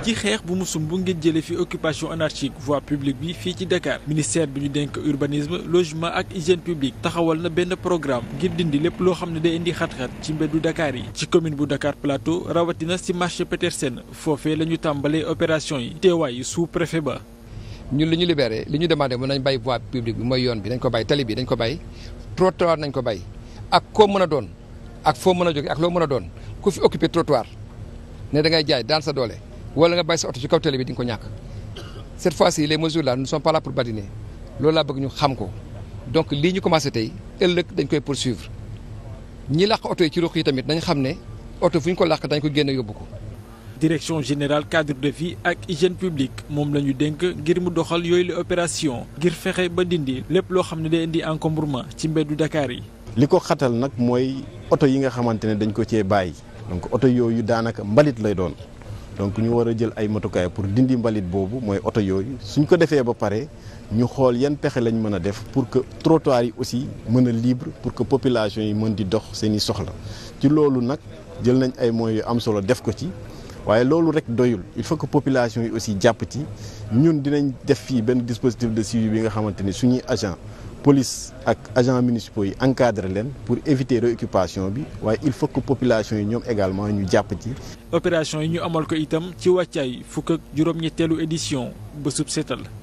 ci xeex bu mu bu ngir jëlee fi occupation anarchique voie publique bi fii ci Dakar ministère bi ñu dénk urbanisme logement ak hygiène publique taxawal na benn programme ngir dindi lépp loo xam ne day indi xat-xat ci mbeddu dakaar yi. ci commune bu Dakar Plateau rawatina si marché Petersen foofe la ñu tàmbalee opération yi teewaayu sous préfet ba. ñun li ñu libéré li ñu demandé mën nañ bàyyi voie publique bi mooy yoon bi dañ ko bàyyi tali bi dañ ko bàyyi trottoir nañ ko bàyyi ak koo mën a doon ak foo mën a jóge ak loo mën a doon ku fi occupé trottoir ne da ngay jaay daan sa doole. wala nga bàyyi sa oto ci kaw télé bi di ñu ko ñàkk cette fois-ci les mesures là nous ne sommes pas pour badiner loolu laa bëgg ñu xam ko donc lii ñu commencé tey ëllëg dañ koy poursuivre ñi làq oto yi ci ruq yi tamit dañ xam ne oto fu ñu ko làq dañ ko génne yóbbu ko. direction général cadre de vie ak hygiène publique moom la ñu dénk ngir mu doxal yooyu la opération ngir fexe ba dindi lépp loo xam ne day indi encombrement ci mbeddu Dakar yi. li ko xatal nag mooy oto yi nga xamante ne dañ ko cee bàyyi donc oto yooyu daanaka mbalit lay doon. donc ñu war a jël ay matukaay pour dindi mbalit boobu mooy oto yooyu suñ ko defee ba pare ñu xool yan pexe lañ mën a def pour que trottoir yi aussi mën a libre pour que population yi mën di dox seen i soxla ci loolu nag jël nañ ay moyens yu am solo def ko ci waaye loolu rek doyul il faut que population yi aussi jàpp ci ñun dinañ def fii benn dispositif de suivi bi nga xamante ni suñuy agent police ak agent municipaux yi encadré leen pour éviter réoccupation bi waaye il faut que population yi ñoom également ñu jàpp ci. opération yi ñu amal ko itam ci wàccaay fukk ak juróom-ñetteelu édition bésub seetal.